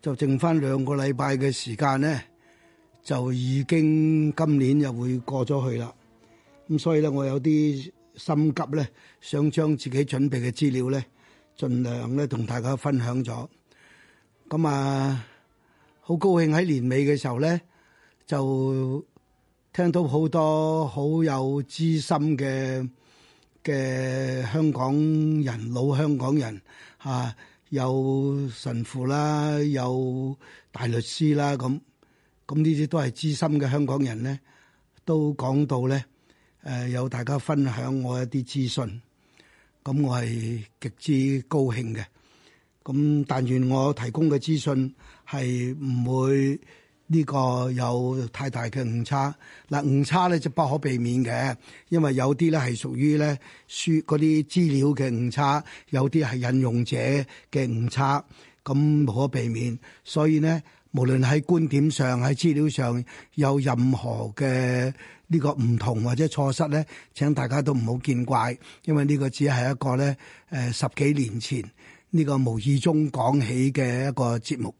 就剩返兩個禮拜嘅時間咧，就已經今年又會過咗去啦。咁所以咧，我有啲心急咧，想將自己準備嘅資料咧，盡量咧同大家分享咗。咁啊，好高興喺年尾嘅時候咧，就聽到好多好有資深嘅嘅香港人、老香港人啊！有神父啦，有大律師啦，咁咁呢啲都係資深嘅香港人咧，都講到咧，誒有大家分享我一啲資訊，咁我係極之高興嘅，咁但願我提供嘅資訊係唔會呢個有太大嘅誤差，嗱誤差咧就不可避免嘅，因為有啲咧係屬於咧書嗰啲資料嘅誤差，有啲係引用者嘅誤差，咁無可避免。所以咧，無論喺觀點上、喺資料上有任何嘅呢個唔同或者錯失咧，請大家都唔好見怪，因為呢個只係一個咧誒十幾年前呢個無意中講起嘅一個節目。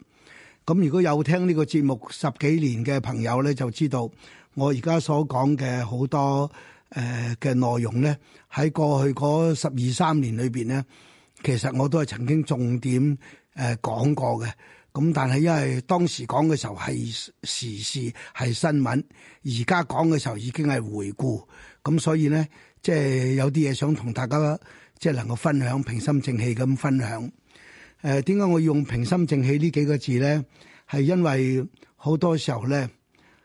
咁如果有聽呢個節目十幾年嘅朋友咧，就知道我而家所講嘅好多誒嘅、呃、內容咧，喺過去嗰十二三年裏邊咧，其實我都係曾經重點誒講過嘅。咁但係因為當時講嘅時候係時事係新聞，而家講嘅時候已經係回顧，咁所以咧即係有啲嘢想同大家即係、就是、能夠分享，平心靜氣咁分享。誒點解我用平心靜氣呢幾個字咧？係因為好多時候咧，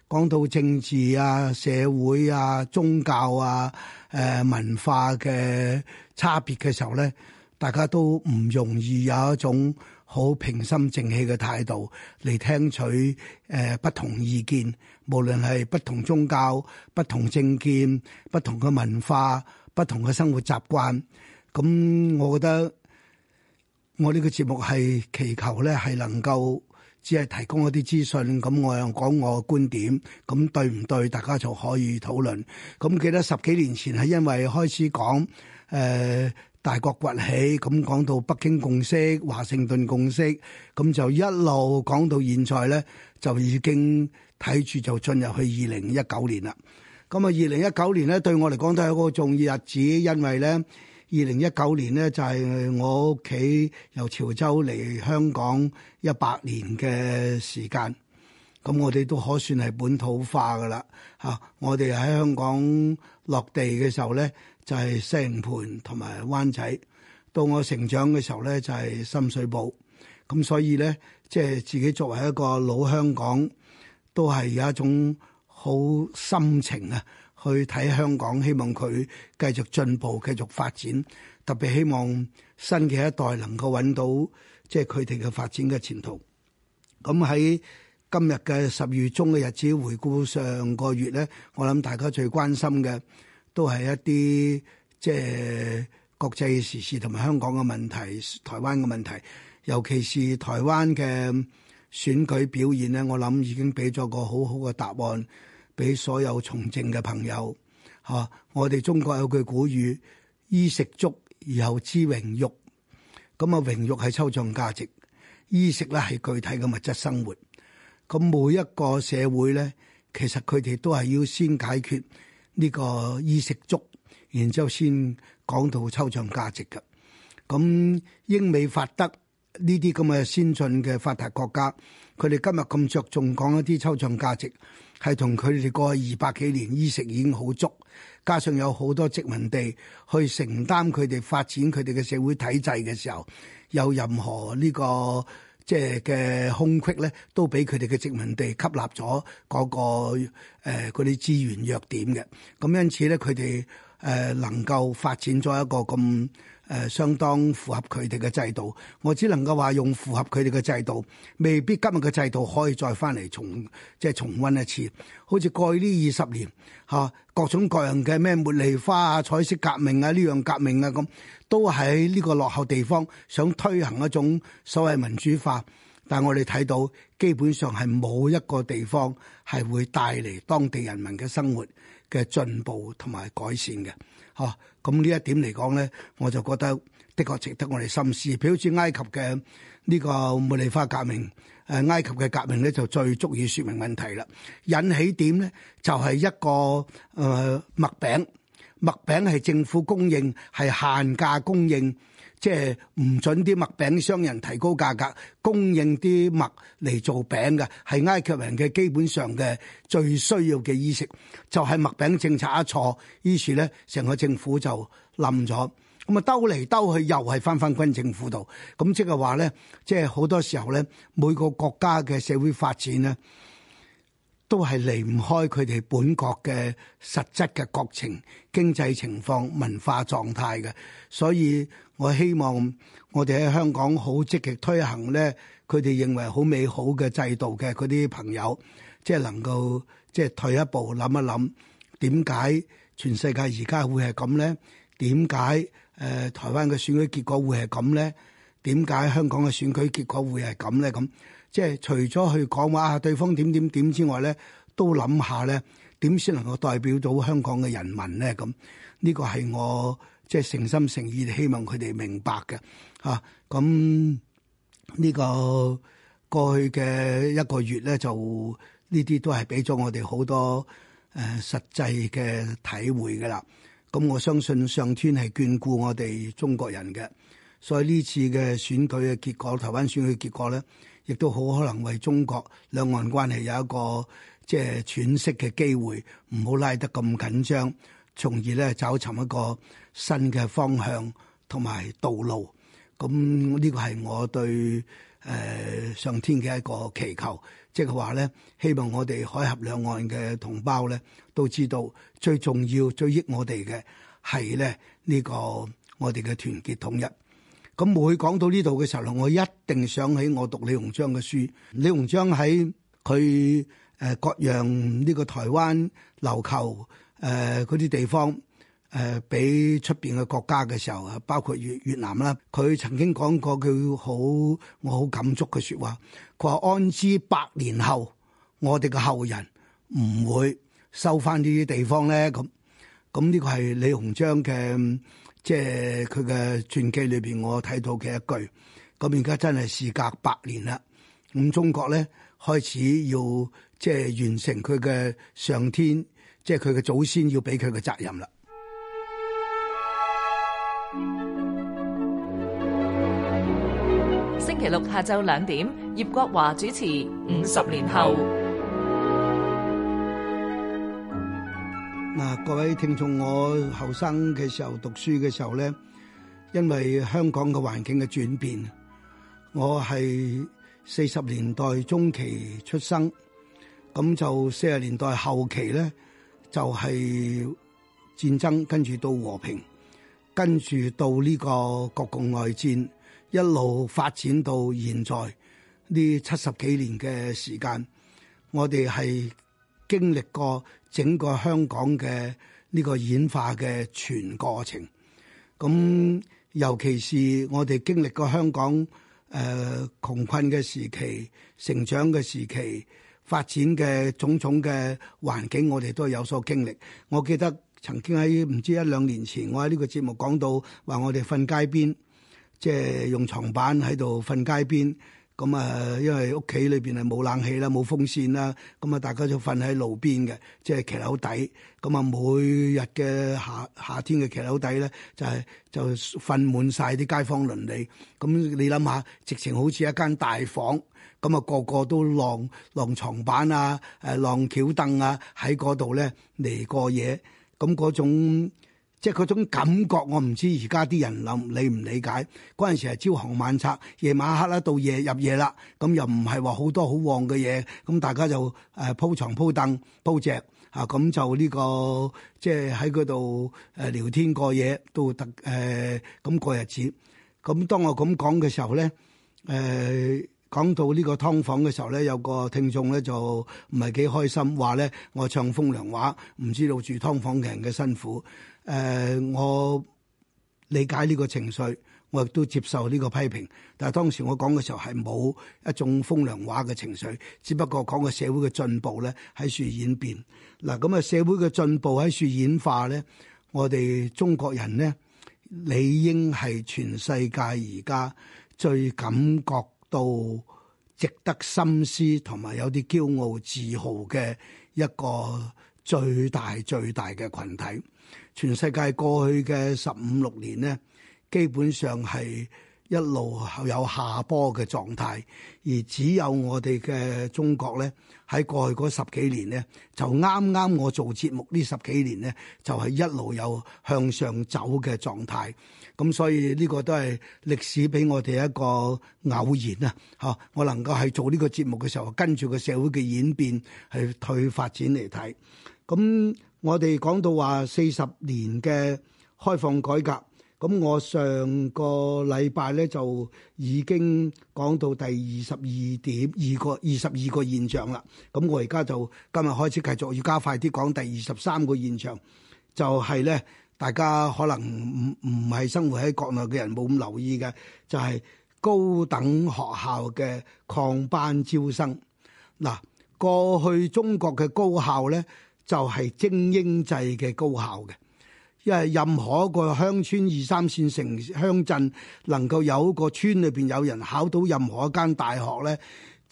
講到政治啊、社會啊、宗教啊、誒、呃、文化嘅差別嘅時候咧，大家都唔容易有一種好平心靜氣嘅態度嚟聽取誒、呃、不同意見，無論係不同宗教、不同政見、不同嘅文化、不同嘅生活習慣，咁、嗯、我覺得。我呢個節目係祈求咧，係能夠只係提供一啲資訊，咁我又講我嘅觀點，咁對唔對，大家就可以討論。咁記得十幾年前係因為開始講誒、呃、大國崛起，咁講到北京共識、華盛頓共識，咁就一路講到現在咧，就已經睇住就進入去二零一九年啦。咁啊，二零一九年咧，對我嚟講都係一個重要日子，因為咧。二零一九年咧，就係我屋企由潮州嚟香港一百年嘅時間，咁我哋都可算係本土化㗎喇嚇。我哋喺香港落地嘅時候咧，就係西營盤同埋灣仔；到我成長嘅時候咧，就係深水埗。咁所以咧，即係自己作為一個老香港，都係有一種好心情啊，去睇香港，希望佢繼續進步、繼續發展，特別希望新嘅一代能夠揾到即係佢哋嘅發展嘅前途。咁喺今日嘅十月中嘅日子，回顧上個月咧，我諗大家最關心嘅都係一啲即係國際時事同埋香港嘅問題，台灣嘅問題，尤其是台灣嘅選舉表現咧，我諗已經俾咗個好好嘅答案。俾所有從政嘅朋友嚇、啊，我哋中國有句古語：衣食、嗯食，嗯、食足，而後知榮辱。咁啊，榮辱係抽象價值，衣食咧係具體嘅物質生活。咁每一個社會咧，其實佢哋都係要先解決呢個衣食足，然之後先講到抽象價值嘅。咁、嗯、英美法德呢啲咁嘅先進嘅發達國家，佢哋今日咁着重講一啲抽象價值。係同佢哋過去二百幾年衣食已經好足，加上有好多殖民地去承擔佢哋發展佢哋嘅社會體制嘅時候，有任何呢、呢個即係嘅空隙咧，都俾佢哋嘅殖民地吸納咗嗰、嗰個嗰啲、呃、資源弱點嘅。咁因此咧，佢哋誒能夠發展咗一個咁。誒相當符合佢哋嘅制度，我只能夠話用符合佢哋嘅制度，未必今日嘅制度可以再翻嚟重即係重溫一次。好似過去呢二十年，嚇各種各樣嘅咩茉莉花啊、彩色革命啊、呢樣革命啊咁，都喺呢個落後地方想推行一種所謂民主化，但我哋睇到基本上係冇一個地方係會帶嚟當地人民嘅生活嘅進步同埋改善嘅。嚇，咁呢、啊、一點嚟講咧，我就覺得的確值得我哋深思。譬如好似埃及嘅呢個茉莉花革命，誒、呃、埃及嘅革命咧就最足以説明問題啦。引起點咧？就係、是、一個誒麥、呃、餅，麥餅係政府供應，係限價供應。即係唔准啲麥餅商人提高價格，供應啲麥嚟做餅嘅，係埃及人嘅基本上嘅最需要嘅衣食。就係、是、麥餅政策一錯，於是咧成個政府就冧咗。咁啊，兜嚟兜去又係翻返軍政府度。咁即係話咧，即係好多時候咧，每個國家嘅社會發展咧。都係離唔開佢哋本國嘅實質嘅國情、經濟情況、文化狀態嘅，所以我希望我哋喺香港好積極推行咧，佢哋認為好美好嘅制度嘅嗰啲朋友，即係能夠即係退一步諗一諗，點解全世界而家會係咁咧？點解誒台灣嘅選舉結果會係咁咧？點解香港嘅選舉結果會係咁咧？咁。即係除咗去講話啊，對方點點點之外咧，都諗下咧，點先能夠代表到香港嘅人民咧？咁呢個係我即係誠心誠意地希望佢哋明白嘅嚇。咁、啊、呢個過去嘅一個月咧，就呢啲都係俾咗我哋好多誒、呃、實際嘅體會噶啦。咁我相信上天係眷顧我哋中國人嘅，所以呢次嘅選舉嘅結果，台灣選舉結果咧。亦都好可能為中國兩岸關係有一個即係喘息嘅機會，唔好拉得咁緊張，從而咧找尋一個新嘅方向同埋道路。咁呢個係我對誒上天嘅一個祈求，即係話咧，希望我哋海峽兩岸嘅同胞咧都知道，最重要、最益我哋嘅係咧呢個我哋嘅團結統一。咁每講到呢度嘅時候，我一定想起我讀李鴻章嘅書。李鴻章喺佢誒割讓呢個台灣琉球誒嗰啲地方誒，俾出面嘅國家嘅時候，包括越越南啦，佢曾經講過佢好我好感觸嘅説話。佢話安知百年後我哋嘅後人唔會收翻呢啲地方咧？咁咁呢個係李鴻章嘅。即係佢嘅傳記裏邊，我睇到嘅一句。咁而家真係事隔百年啦。咁中國咧，開始要即係完成佢嘅上天，即係佢嘅祖先要俾佢嘅責任啦。星期六下晝兩點，葉國華主持《五十年後》。嗱，各位聽眾，我後生嘅時候讀書嘅時候咧，因為香港嘅環境嘅轉變，我係四十年代中期出生，咁就四十年代後期咧，就係戰爭，跟住到和平，跟住到呢個國共外戰，一路發展到現在呢七十幾年嘅時間，我哋係經歷過。整個香港嘅呢個演化嘅全過程，咁尤其是我哋經歷過香港誒、呃、窮困嘅時期、成長嘅時期、發展嘅種種嘅環境，我哋都有所經歷。我記得曾經喺唔知一兩年前，我喺呢個節目講到話，我哋瞓街邊，即係用床板喺度瞓街邊。咁啊、嗯，因為屋企裏邊係冇冷氣啦，冇風扇啦，咁、嗯、啊，大家就瞓喺路邊嘅，即係騎樓底。咁、嗯、啊，每日嘅夏夏天嘅騎樓底咧，就係、是、就瞓滿晒啲街坊鄰里。咁、嗯、你諗下，直情好似一間大房。咁、嗯、啊，個個都晾晾床板啊，誒晾橋凳啊，喺嗰度咧嚟過夜。咁、嗯、嗰種。即係嗰種感覺，我唔知而家啲人諗理唔理解嗰陣時係朝行晚拆，夜晚黑啦，到夜入夜啦，咁又唔係話好多好旺嘅嘢，咁大家就誒鋪床、鋪凳、鋪席啊，咁、嗯、就呢、呢個即係喺嗰度誒聊天過夜都得誒咁、呃、過日子。咁當我咁講嘅時候咧，誒、呃、講到呢個劏房嘅時候咧，有個聽眾咧就唔係幾開心，話咧我唱風涼話，唔知道住劏房嘅人嘅辛苦。誒、呃，我理解呢個情緒，我亦都接受呢個批評，但係當時我講嘅時候係冇一種風涼話嘅情緒，只不過講個社會嘅進步咧喺處演變嗱。咁啊，社會嘅進步喺處演化咧，我哋中國人咧理應係全世界而家最感覺到值得深思同埋有啲驕傲自豪嘅一個最大最大嘅群體。全世界過去嘅十五六年咧，基本上係一路有下坡嘅狀態，而只有我哋嘅中國咧，喺過去嗰十幾年咧，就啱啱我做節目呢十幾年咧，就係一路有向上走嘅狀態。咁所以呢個都係歷史俾我哋一個偶然啦，吓我能夠喺做呢個節目嘅時候，跟住個社會嘅演變係退發展嚟睇。咁我哋講到話四十年嘅開放改革，咁我上個禮拜咧就已經講到第二十二點二個二十二個現象啦。咁我而家就今日開始繼續要加快啲講第二十三個現象，就係、是、咧大家可能唔唔係生活喺國內嘅人冇咁留意嘅，就係、是、高等學校嘅擴班招生嗱。過去中國嘅高校咧，就係精英制嘅高校嘅，因為任何一個鄉村二三線城鄉鎮能夠有一個村裏邊有人考到任何一間大學咧，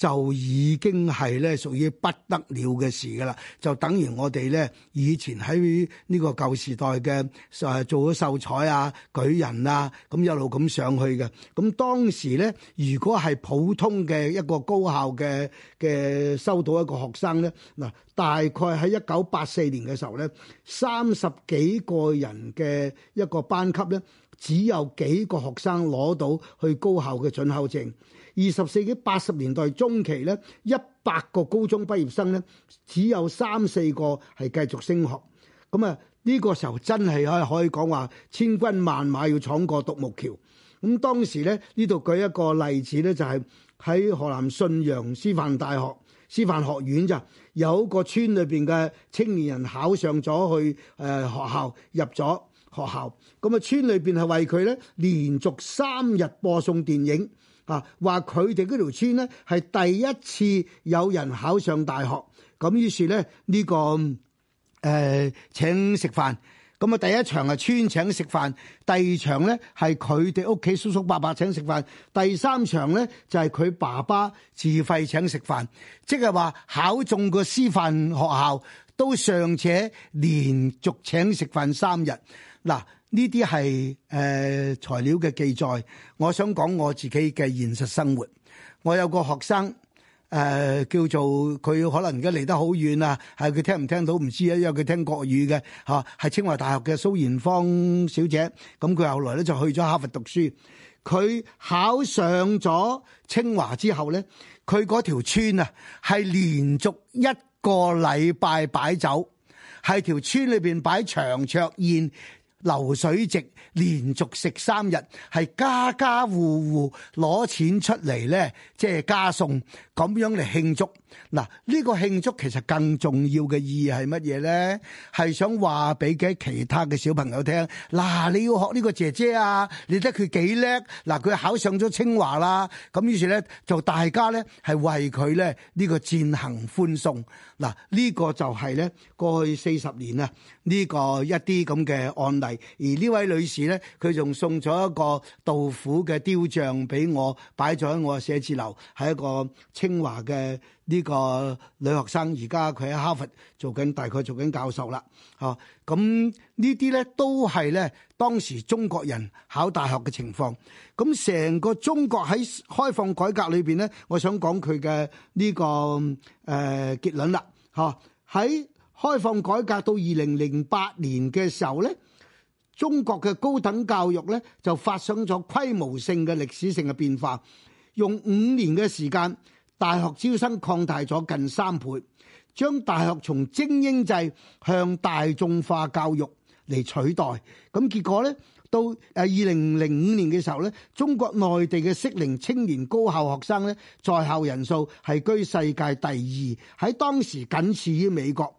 就已經係咧屬於不得了嘅事㗎啦，就等於我哋咧以前喺呢個舊時代嘅，誒做咗秀才啊、舉人啊，咁一路咁上去嘅。咁當時咧，如果係普通嘅一個高校嘅嘅收到一個學生咧，嗱，大概喺一九八四年嘅時候咧，三十幾個人嘅一個班級咧，只有幾個學生攞到去高校嘅準考證。二十世紀八十年代中期咧，一百個高中畢業生咧，只有三四個係繼續升學。咁、嗯、啊，呢、這個時候真係可以講話千軍萬馬要闖過獨木橋。咁、嗯、當時咧，呢度舉一個例子呢就係、是、喺河南信陽師範大學師範學院就有個村裏邊嘅青年人考上咗去誒學校入咗學校。咁啊、嗯，村裏邊係為佢咧連續三日播送電影。啊！話佢哋嗰條村呢，係第一次有人考上大學，咁於是咧、這、呢個誒、呃、請食飯，咁啊第一場係村請食飯，第二場呢係佢哋屋企叔叔伯伯請食飯，第三場呢就係佢爸爸自費請食飯，即係話考中個師範學校。都尚且連續請食飯三日，嗱呢啲係誒材料嘅記載。我想講我自己嘅現實生活。我有個學生誒叫做佢，可能而家離得好遠啊，係佢聽唔聽到唔知啊，因為佢聽國語嘅嚇，係清華大學嘅蘇元芳小姐。咁佢後來咧就去咗哈佛讀書。佢考上咗清華之後咧，佢嗰條村啊係連續一個禮拜擺酒，喺條村裏邊擺長桌宴，流水席。連續食三日，係家家戶戶攞錢出嚟咧，即係加餸咁樣嚟慶祝。嗱，呢個慶祝其實更重要嘅意義係乜嘢咧？係想話俾其他嘅小朋友聽，嗱，你要學呢個姐姐啊，你睇佢幾叻？嗱，佢考上咗清華啦，咁於是咧就大家咧係為佢咧呢個餞行歡送。嗱，呢個就係咧過去四十年啊呢個一啲咁嘅案例，而呢位女士。時咧，佢仲送咗一個杜甫嘅雕像俾我，擺咗喺我嘅寫字樓，係一個清華嘅呢個女學生，而家佢喺哈佛做緊，大概做緊教授啦。嚇，咁呢啲咧都係咧當時中國人考大學嘅情況。咁成個中國喺開放改革裏邊咧，我想講佢嘅呢個誒結論啦。嚇，喺開放改革到二零零八年嘅時候咧。中國嘅高等教育呢，就發生咗規模性嘅歷史性嘅變化，用五年嘅時間，大學招生擴大咗近三倍，將大學從精英制向大眾化教育嚟取代。咁結果呢，到誒二零零五年嘅時候呢，中國內地嘅適齡青年高校學生呢，在校人數係居世界第二，喺當時僅次於美國。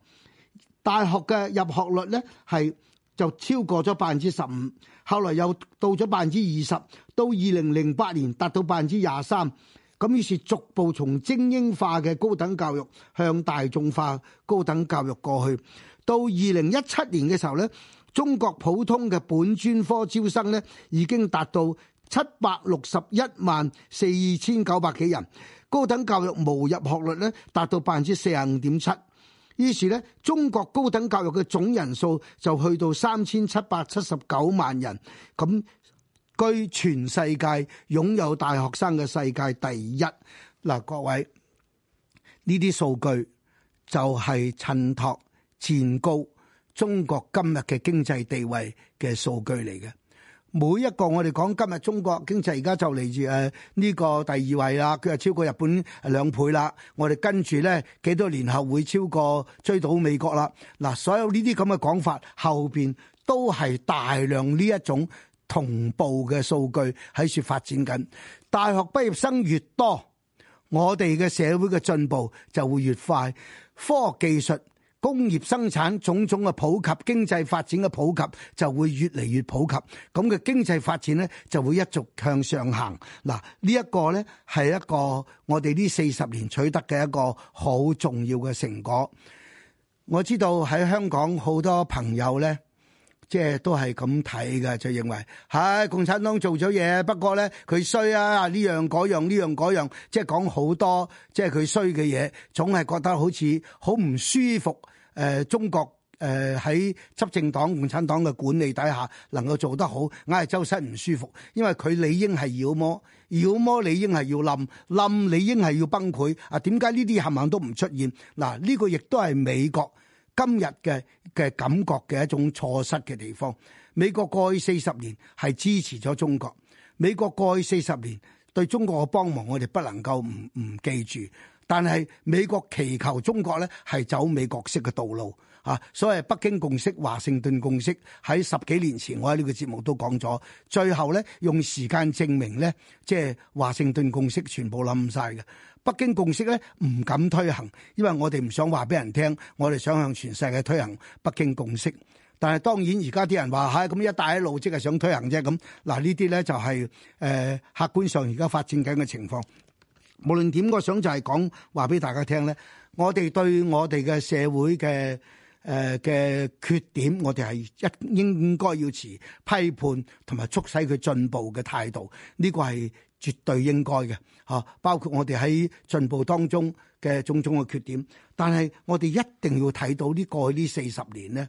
大學嘅入學率呢，係，就超過咗百分之十五，後來又到咗百分之二十，到二零零八年達到百分之廿三，咁於是逐步從精英化嘅高等教育向大眾化高等教育過去。到二零一七年嘅時候呢，中國普通嘅本專科招生呢已經達到七百六十一萬四千九百幾人，高等教育毛入學率呢達到百分之四十五點七。於是咧，中國高等教育嘅總人數就去到三千七百七十九萬人，咁居全世界擁有大學生嘅世界第一。嗱，各位，呢啲數據就係襯托前高中國今日嘅經濟地位嘅數據嚟嘅。每一個我哋講今日中國經濟而家就嚟自誒呢個第二位啦，佢係超過日本兩倍啦。我哋跟住咧幾多年後會超過追到美國啦。嗱，所有呢啲咁嘅講法後邊都係大量呢一種同步嘅數據喺處發展緊。大學畢業生越多，我哋嘅社會嘅進步就會越快。科學技術工業生產種種嘅普及，經濟發展嘅普及就會越嚟越普及。咁嘅經濟發展呢，就會一直向上行。嗱，呢一個呢，係一個我哋呢四十年取得嘅一個好重要嘅成果。我知道喺香港好多朋友呢，即係都係咁睇嘅，就認為，唉，共產黨做咗嘢，不過呢，佢衰啊，呢樣嗰樣呢樣嗰樣，即係講好多即係佢衰嘅嘢，總係覺得好似好唔舒服。誒、呃，中國誒喺執政黨共產黨嘅管理底下，能夠做得好，硬係周身唔舒服，因為佢理應係妖魔。妖魔理應係要冧，冧理應係要崩潰。啊，點解呢啲冚唪唥都唔出現？嗱，呢、呢個亦都係美國今日嘅嘅感覺嘅一種錯失嘅地方。美國過去四十年係支持咗中國，美國過去四十年對中國嘅幫忙，我哋不能夠唔唔記住。但係美國祈求中國咧，係走美國式嘅道路啊！所謂北京共識、華盛頓共識，喺十幾年前我喺呢個節目都講咗。最後咧，用時間證明咧，即係華盛頓共識全部冧晒嘅。北京共識咧唔敢推行，因為我哋唔想話俾人聽，我哋想向全世界推行北京共識。但係當然而家啲人話嚇咁一帶一路即係想推行啫咁。嗱呢啲咧就係誒客觀上而家發展緊嘅情況。無論點個想就係講話俾大家聽咧，我哋對我哋嘅社會嘅誒嘅缺點，我哋係一應該要持批判同埋促使佢進步嘅態度，呢個係絕對應該嘅嚇。包括我哋喺進步當中嘅種種嘅缺點，但係我哋一定要睇到呢過去呢四十年咧，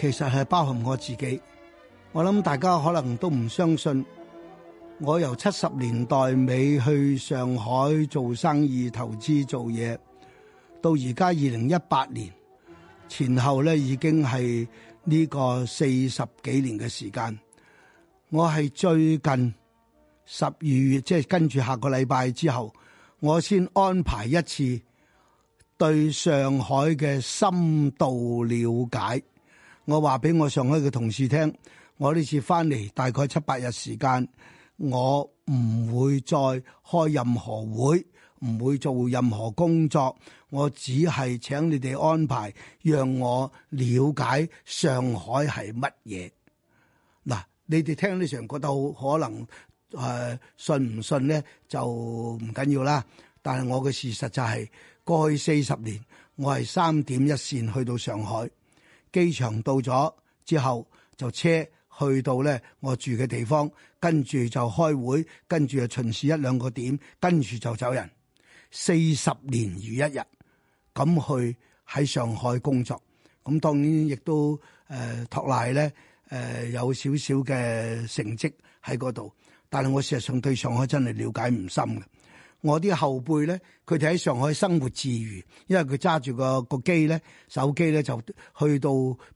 其實係包含我自己。我諗大家可能都唔相信，我由七十年代尾去上海做生意、投資做嘢，到而家二零一八年前後咧，已經係呢個四十幾年嘅時間。我係最近十二月，即係跟住下個禮拜之後，我先安排一次對上海嘅深度了解。我話俾我上海嘅同事聽，我呢次翻嚟大概七八日時間，我唔會再開任何會，唔會做任何工作，我只係請你哋安排，讓我了解上海係乜嘢。嗱，你哋聽呢時覺得好可能誒、呃、信唔信咧，就唔緊要啦。但係我嘅事實就係、是、過去四十年，我係三點一線去到上海。機場到咗之後就車去到咧，我住嘅地方，跟住就開會，跟住啊巡視一兩個點，跟住就走人。四十年如一日咁去喺上海工作，咁當然亦都誒、呃、託賴咧誒、呃、有少少嘅成績喺嗰度，但係我事實上對上海真係了解唔深嘅。我啲後輩咧，佢哋喺上海生活自如，因為佢揸住個個機咧，手機咧就去到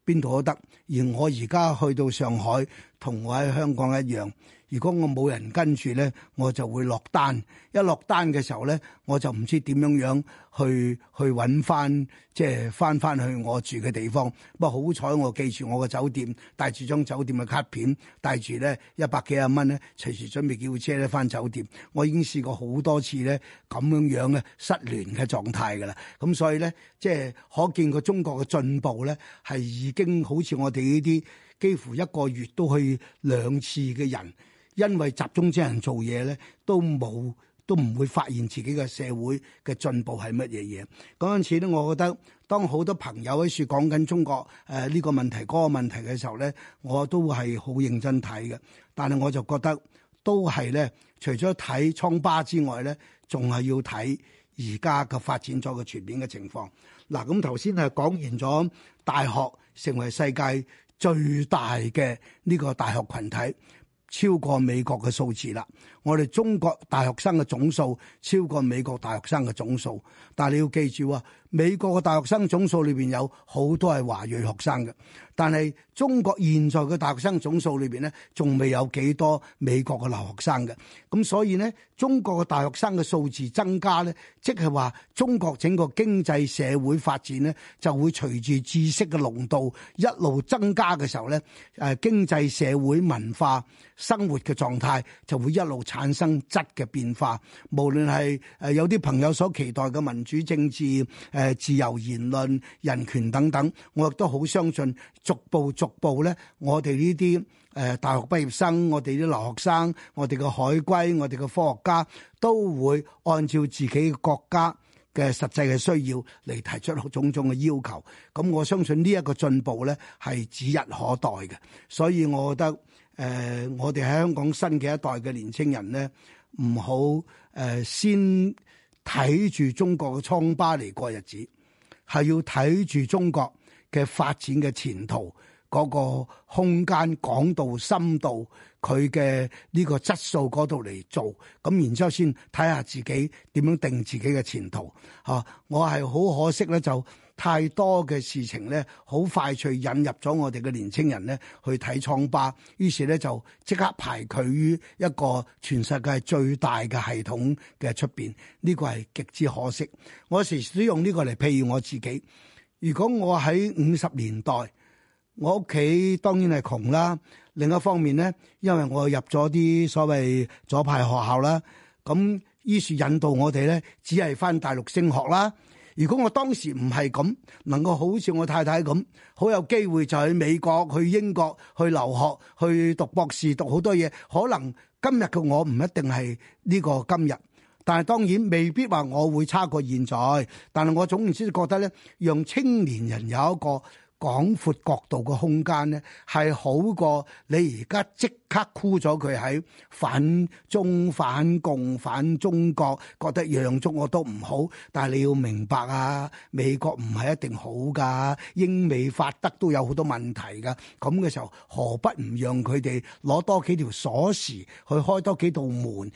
邊度都得。而我而家去到上海，同我喺香港一樣。如果我冇人跟住咧，我就會落單。一落單嘅時候咧，我就唔知點樣樣去去揾翻，即係翻翻去我住嘅地方。不過好彩，我記住我嘅酒店，帶住張酒店嘅卡片，帶住咧一百幾十蚊咧，隨時準備叫車咧翻酒店。我已經試過好多次咧咁樣樣嘅失聯嘅狀態噶啦。咁所以咧，即係可見個中國嘅進步咧，係已經好似我哋呢啲幾乎一個月都去兩次嘅人。因為集中啲人做嘢咧，都冇都唔會發現自己嘅社會嘅進步係乜嘢嘢嗰陣時咧，我覺得當好多朋友喺處講緊中國誒呢、呃個個問題嗰、個個問題嘅時候咧，我都係好認真睇嘅。但係我就覺得都係咧，除咗睇瘡疤之外咧，仲係要睇而家嘅發展咗嘅全面嘅情況嗱。咁頭先係講完咗大學成為世界最大嘅呢個大學群體。超過美國嘅數字啦。我哋中國大學生嘅總數超過美國大學生嘅總數，但係你要記住啊，美國嘅大學生總數裏邊有好多係華裔學生嘅，但係中國現在嘅大學生總數裏邊咧，仲未有幾多美國嘅留學生嘅，咁所以咧，中國嘅大學生嘅數字增加咧，即係話中國整個經濟社會發展咧，就會隨住知識嘅濃度一路增加嘅時候咧，誒，經濟社會文化生活嘅狀態就會一路增。產生質嘅變化，無論係誒有啲朋友所期待嘅民主政治、誒自由言論、人權等等，我亦都好相信，逐步逐步咧，我哋呢啲誒大學畢業生、我哋啲留學生、我哋嘅海歸、我哋嘅科學家，都會按照自己國家嘅實際嘅需要嚟提出種種嘅要求。咁我相信呢一個進步咧係指日可待嘅，所以我覺得。誒、呃，我哋喺香港新嘅一代嘅年青人咧，唔好誒、呃、先睇住中國嘅瘡疤嚟過日子，係要睇住中國嘅發展嘅前途嗰、那個空間廣度深度，佢嘅呢個質素嗰度嚟做，咁然之後先睇下自己點樣定自己嘅前途嚇、啊。我係好可惜咧就。太多嘅事情咧，好快脆引入咗我哋嘅年青人咧去睇創吧，於是咧就即刻排佢於一個全世界最大嘅系統嘅出邊，呢、這個係極之可惜。我時時都用呢個嚟譬喻我自己。如果我喺五十年代，我屋企當然係窮啦。另一方面咧，因為我入咗啲所謂左派學校啦，咁於是引導我哋咧，只係翻大陸升學啦。如果我當時唔係咁，能夠好似我太太咁，好有機會就去美國、去英國去留學、去讀博士、讀好多嘢，可能今日嘅我唔一定係呢個今日。但係當然未必話我會差過現在。但係我總然之覺得呢，讓青年人有一個廣闊角度嘅空間咧，係好過你而家即刻箍咗佢喺反中、反共、反中國，覺得讓足我都唔好。但係你要明白啊，美國唔係一定好噶，英美法德都有好多問題噶。咁嘅時候，何不唔讓佢哋攞多幾條鎖匙去開多幾道門入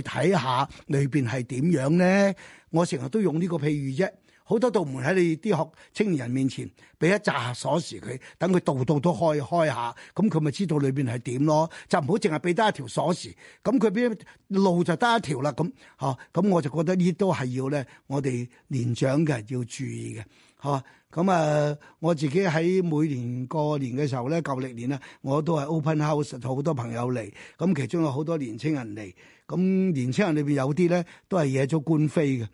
去睇下裏邊係點樣咧？我成日都用呢個譬如啫。好多道門喺你啲學青年人面前，俾一扎鎖匙佢，等佢度度都開開下，咁佢咪知道裏邊係點咯？就唔好淨係俾得一條鎖匙，咁佢俾路就得一條啦，咁嚇咁我就覺得呢都係要咧，我哋年長嘅要注意嘅，嚇咁啊！我自己喺每年過年嘅時候咧，舊歷年啊，我都係 open house，好多朋友嚟，咁其中有好多年青人嚟，咁年青人裏邊有啲咧都係惹咗官非嘅，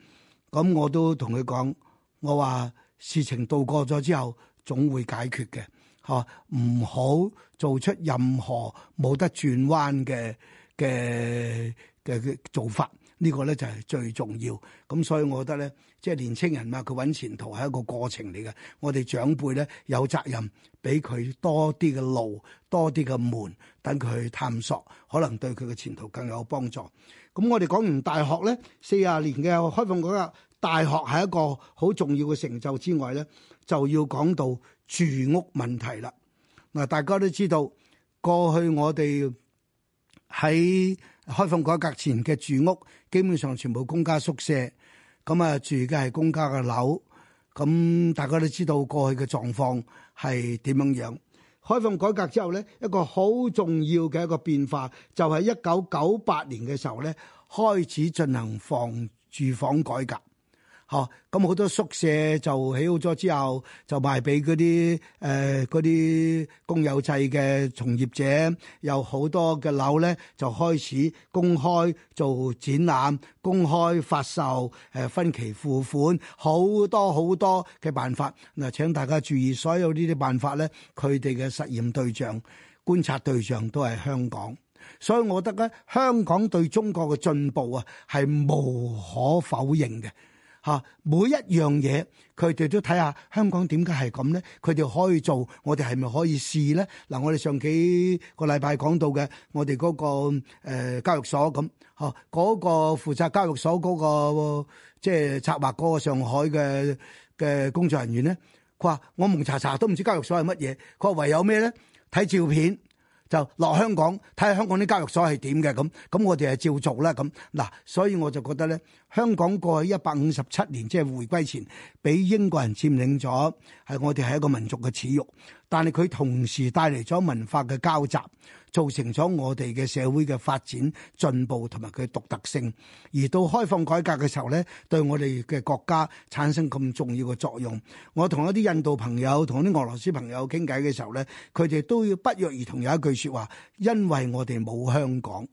咁我都同佢講。我話事情度過咗之後，總會解決嘅，吓，唔好做出任何冇得轉彎嘅嘅嘅做法。這個、呢個咧就係、是、最重要。咁所以我覺得咧，即係年青人嘛，佢搵前途係一個過程嚟嘅。我哋長輩咧有責任俾佢多啲嘅路，多啲嘅門，等佢去探索，可能對佢嘅前途更有幫助。咁我哋講完大學咧，四十年嘅開放改革。大學係一個好重要嘅成就之外咧，就要講到住屋問題啦。嗱，大家都知道過去我哋喺開放改革前嘅住屋基本上全部公家宿舍，咁啊住嘅係公家嘅樓。咁大家都知道過去嘅狀況係點樣樣。開放改革之後咧，一個好重要嘅一個變化就係一九九八年嘅時候咧，開始進行房住房改革。嗬，咁好多宿舍就起好咗之後，就賣俾嗰啲誒嗰啲公有制嘅從業者。有好多嘅樓咧，就開始公開做展覽、公開發售、誒、呃、分期付款，好多好多嘅辦法。嗱，請大家注意，所有呢啲辦法咧，佢哋嘅實驗對象、觀察對象都係香港。所以我覺得咧，香港對中國嘅進步啊，係無可否認嘅。吓！每一樣嘢，佢哋都睇下香港點解係咁咧？佢哋可以做，我哋係咪可以試咧？嗱，我哋上幾個禮拜講到嘅，我哋嗰、那個交易、呃、所咁，嚇、啊、嗰、那個負責交易所嗰、那個即係、就是、策劃嗰個上海嘅嘅工作人員咧，佢話我蒙查查都唔知交易所係乜嘢，佢話唯有咩咧？睇照片。就落香港睇下香港啲交易所係點嘅咁，咁，我哋係照做啦，咁嗱，所以我就覺得咧，香港過去一百五十七年即係、就是、回歸前，俾英國人佔領咗，係我哋係一個民族嘅恥辱，但係佢同時帶嚟咗文化嘅交集。造成咗我哋嘅社會嘅發展進步同埋佢嘅獨特性，而到開放改革嘅時候咧，對我哋嘅國家產生咁重要嘅作用。我同一啲印度朋友同一啲俄羅斯朋友傾偈嘅時候咧，佢哋都要不約而同有一句説話：因為我哋冇香港。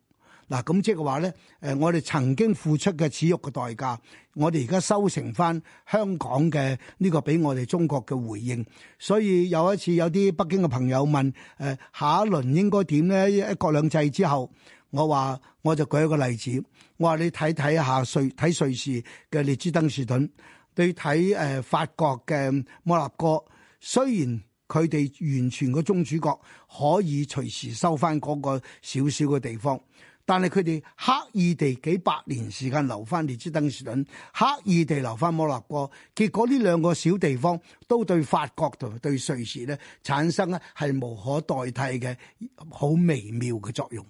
嗱，咁即係話咧，誒，我哋曾經付出嘅恥辱嘅代價，我哋而家收成翻香港嘅呢個俾我哋中國嘅回應。所以有一次有啲北京嘅朋友問，誒，下一輪應該點咧？一國兩制之後，我話我就舉一個例子，我話你睇睇下瑞睇瑞士嘅列支登士頓，對睇誒法國嘅摩納哥，雖然佢哋完全嘅宗主國，可以隨時收翻嗰個少少嘅地方。但係佢哋刻意地幾百年時間留翻列支敦士登，刻意地留翻摩納哥，結果呢兩個小地方都對法國同對瑞士咧產生咧係無可代替嘅好微妙嘅作用。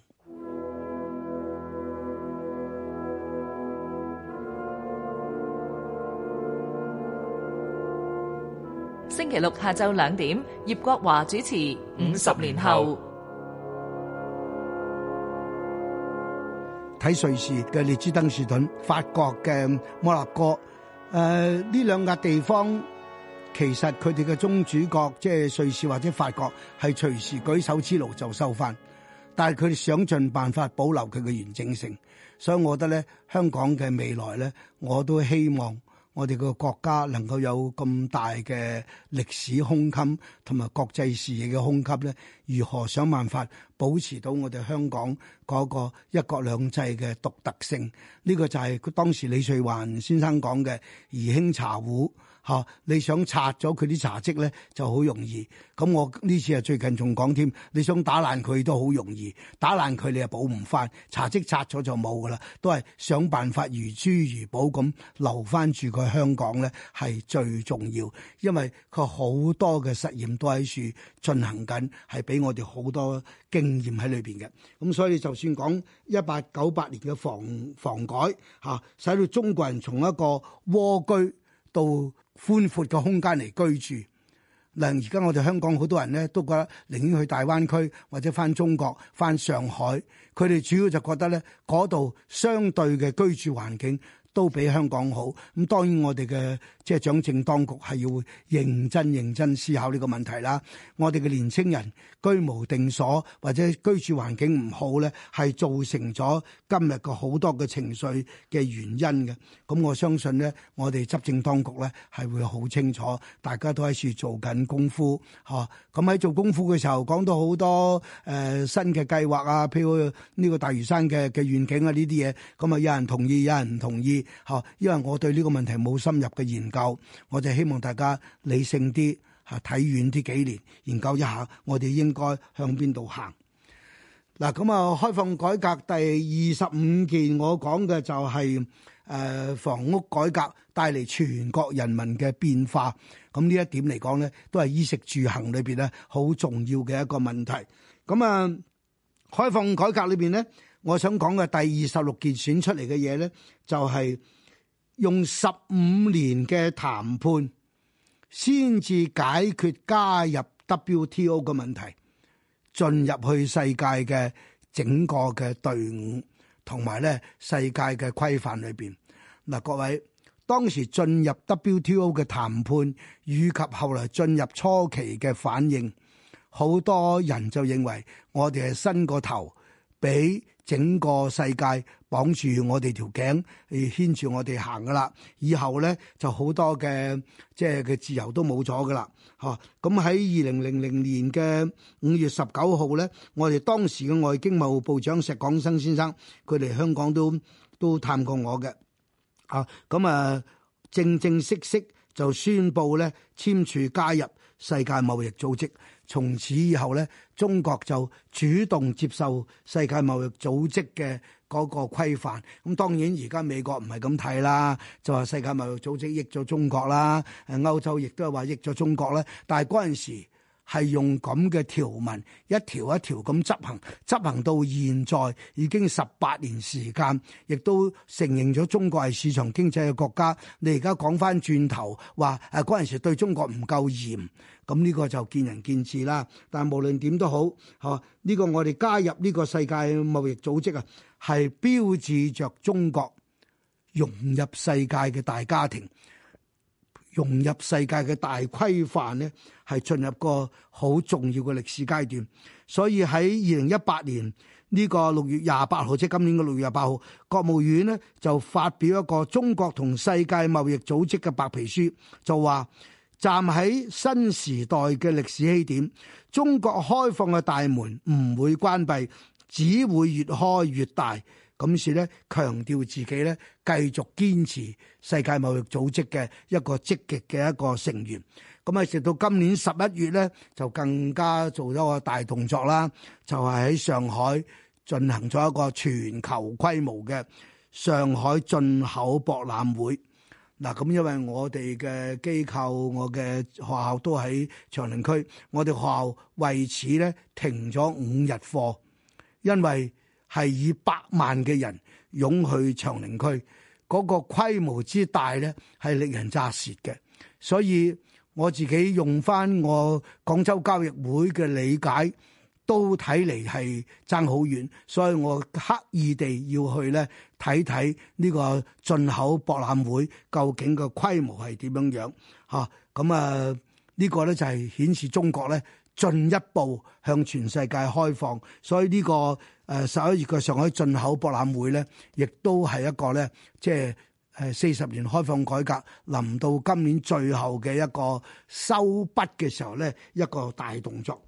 星期六下晝兩點，葉國華主持《五十年後》。喺瑞士嘅列支登士頓、法國嘅摩納哥，誒呢兩個地方，其實佢哋嘅宗主國，即係瑞士或者法國，係隨時舉手之勞就收翻，但係佢哋想盡辦法保留佢嘅完整性，所以我覺得咧，香港嘅未來咧，我都希望，我哋個國家能夠有咁大嘅歷史胸襟，同埋國際視野嘅胸襟咧，如何想辦法保持到我哋香港嗰個一國兩制嘅獨特性？呢、這個就係當時李瑞環先生講嘅宜興茶壺。吓、啊！你想拆咗佢啲茶漬咧，就好容易。咁我呢次啊，次最近仲講添，你想打爛佢都好容易，打爛佢你又補唔翻，茶漬拆咗就冇噶啦。都係想辦法如珠如寶咁留翻住佢香港咧，係最重要。因為佢好多嘅實驗都喺處進行緊，係俾我哋好多經驗喺裏邊嘅。咁、啊、所以就算講一八九八年嘅房房改嚇、啊，使到中國人從一個蝸居到，寬闊嘅空間嚟居住。嗱，而家我哋香港好多人咧都覺得寧願去大灣區或者返中國返上海，佢哋主要就覺得咧，嗰度相對嘅居住環境，都比香港好，咁當然我哋嘅即係掌政當局係要認真認真思考呢個問題啦。我哋嘅年青人居無定所或者居住環境唔好咧，係造成咗今日嘅好多嘅情緒嘅原因嘅。咁我相信咧，我哋執政當局咧係會好清楚，大家都喺處做緊功夫，吓，咁喺做功夫嘅時候，講到好多誒、呃、新嘅計劃啊，譬如呢個大嶼山嘅嘅願景啊呢啲嘢，咁啊有人同意，有人唔同意。吓，因為我對呢個問題冇深入嘅研究，我就希望大家理性啲吓，睇遠啲幾年，研究一下我，我哋應該向邊度行。嗱，咁啊，開放改革第二十五件，我講嘅就係誒房屋改革帶嚟全國人民嘅變化。咁呢一點嚟講咧，都係衣食住行裏邊咧好重要嘅一個問題。咁啊，開放改革裏邊咧。我想講嘅第二十六件選出嚟嘅嘢咧，就係用十五年嘅談判，先至解決加入 WTO 嘅問題，進入去世界嘅整個嘅隊伍，同埋咧世界嘅規範裏邊。嗱，各位當時進入 WTO 嘅談判，以及後來進入初期嘅反應，好多人就認為我哋係伸過頭。俾整個世界綁住我哋條頸，而牽住我哋行噶啦。以後咧就好多嘅即係嘅自由都冇咗噶啦。嚇咁喺二零零零年嘅五月十九號咧，我哋當時嘅外經貿部長石廣生先生，佢嚟香港都都探過我嘅。啊咁啊，正正式式就宣布咧簽署加入世界貿易組織。從此以後咧，中國就主動接受世界貿易組織嘅嗰個規範。咁當然而家美國唔係咁睇啦，就話世界貿易組織益咗中國啦，誒歐洲亦都係話益咗中國啦。但係嗰陣時，係用咁嘅條文一條一條咁執行，執行到現在已經十八年時間，亦都承認咗中國係市場經濟嘅國家。你而家講翻轉頭話，誒嗰陣時對中國唔夠嚴，咁呢個就見仁見智啦。但無論點都好，嗬、啊、呢、呢個我哋加入呢個世界貿易組織啊，係標誌着中國融入世界嘅大家庭。融入世界嘅大規範呢，係進入個好重要嘅歷史階段。所以喺二零一八年呢個六月廿八號，即係今年嘅六月廿八號，國務院呢就發表一個中國同世界貿易組織嘅白皮書，就話站喺新時代嘅歷史起點，中國開放嘅大門唔會關閉，只會越開越大。咁所以咧，強調自己咧繼續堅持世界貿易組織嘅一個積極嘅一個成員。咁啊，直到今年十一月咧，就更加做咗個大動作啦，就係喺上海進行咗一個全球規模嘅上海進口博覽會。嗱，咁因為我哋嘅機構、我嘅學校都喺長寧區，我哋學校為此咧停咗五日課，因為，係以百萬嘅人湧去長寧區，嗰個規模之大咧，係令人咋舌嘅。所以我自己用返我廣州交易會嘅理解，都睇嚟係爭好遠。所以我刻意地要去咧睇睇呢個進口博覽會究竟個規模係點樣樣嚇。咁啊，呢個咧就係顯示中國咧。進一步向全世界開放，所以呢個誒十一月嘅上海進口博覽會咧，亦都係一個咧，即係誒四十年開放改革臨到今年最後嘅一個收筆嘅時候咧，一個大動作。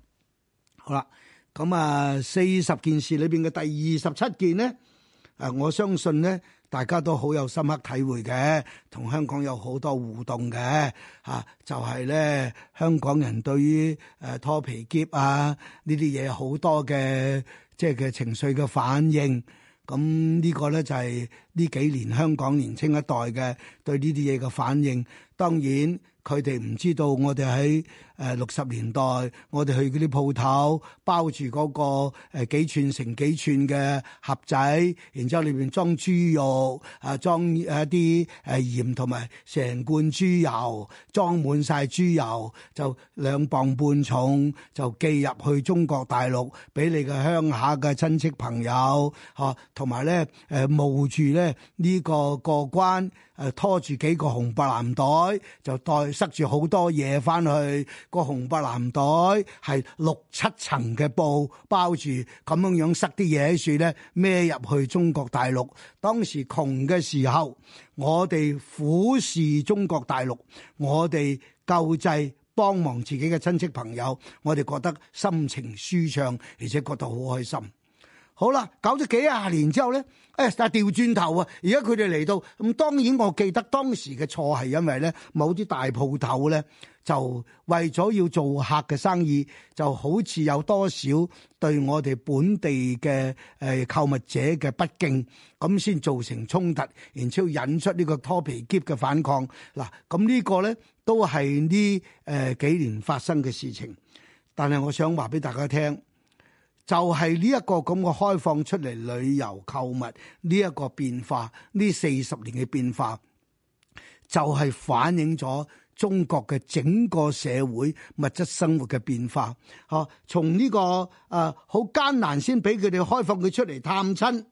好啦，咁啊四十件事裏邊嘅第二十七件呢，誒我相信咧。大家都好有深刻體會嘅，同香港有好多互動嘅，嚇、啊、就係、是、咧香港人對於誒、呃、拖皮篋啊呢啲嘢好多嘅即係嘅情緒嘅反應。咁、嗯這個、呢個咧就係、是、呢幾年香港年青一代嘅對呢啲嘢嘅反應。當然。佢哋唔知道我哋喺誒六十年代，我哋去嗰啲鋪頭包住嗰個幾幾寸成幾寸嘅盒仔，然之後，裏邊裝豬肉啊，裝一啲誒鹽同埋成罐豬油，裝滿晒豬油就兩磅半重，就寄入去中國大陸，俾你嘅鄉下嘅親戚朋友，嚇，同埋咧誒冒住咧呢個過關。誒拖住幾個紅白藍袋，就袋塞住好多嘢返去。個紅白藍袋係六七層嘅布包住，咁樣樣塞啲嘢喺住咧，孭入去中國大陸。當時窮嘅時候，我哋俯視中國大陸，我哋救濟、幫忙自己嘅親戚朋友，我哋覺得心情舒暢，而且覺得好開心。好啦，搞咗幾廿年之後咧，誒、哎，但係調轉頭啊，而家佢哋嚟到咁，當然我記得當時嘅錯係因為咧，某啲大鋪頭咧就為咗要做客嘅生意，就好似有多少對我哋本地嘅誒購物者嘅不敬，咁先造成衝突，然之後引出呢個拖皮喼嘅反抗。嗱，咁呢個咧都係呢誒幾年發生嘅事情，但係我想話俾大家聽。就係呢一個咁嘅開放出嚟旅遊購物呢一個變化，呢四十年嘅變化，就係、是、反映咗中國嘅整個社會物質生活嘅變化。吓、這個，從呢個誒好艱難先俾佢哋開放佢出嚟探親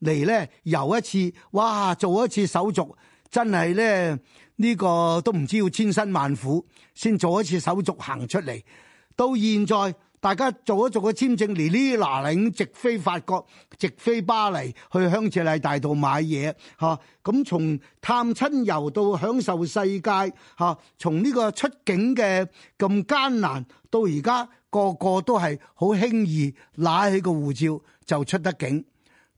嚟咧遊一次，哇做一次手續，真係咧呢個都唔知要千辛萬苦先做一次手續行出嚟，到現在。大家做一做個簽證，嚟呢拿領直飛法國，直飛巴黎去香榭麗大道買嘢，吓，咁從探親遊到享受世界，吓從呢個出境嘅咁艱難，到而家個個都係好輕易，攋起個護照就出得境，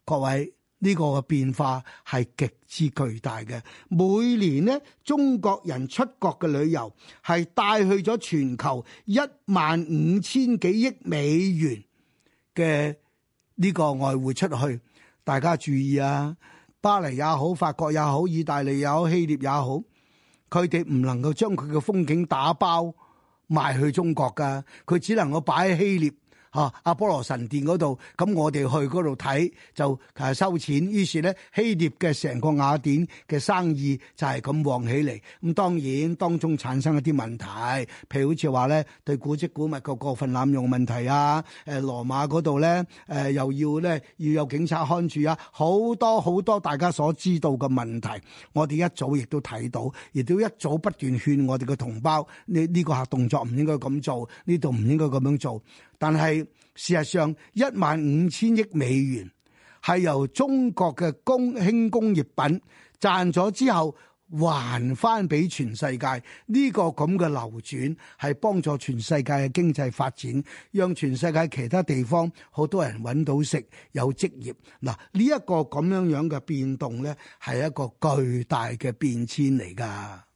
各位。呢個變化係極之巨大嘅。每年呢，中國人出國嘅旅遊係帶去咗全球一萬五千幾億美元嘅呢個外匯出去。大家注意啊，巴黎也好，法國也好，意大利也好，希臘也好，佢哋唔能夠將佢嘅風景打包賣去中國噶，佢只能夠擺喺希臘。啊！阿波羅神殿嗰度，咁我哋去嗰度睇就誒收錢，於是咧希臘嘅成個雅典嘅生意就係咁旺起嚟。咁當然當中產生一啲問題，譬如好似話咧對古蹟古物嘅過分濫用問題啊，誒羅馬嗰度咧誒又要咧要有警察看住啊，好多好多大家所知道嘅問題，我哋一早亦都睇到，亦都一早不斷勸我哋嘅同胞呢呢、呢個客動作唔應該咁做，呢度唔應該咁樣做。但係事實上，一萬五千億美元係由中國嘅工輕工業品賺咗之後，還翻俾全世界呢個咁嘅流轉，係幫助全世界嘅經濟發展，讓全世界其他地方好多人揾到食，有職業。嗱，呢一個咁樣樣嘅變動咧，係一個巨大嘅變遷嚟噶。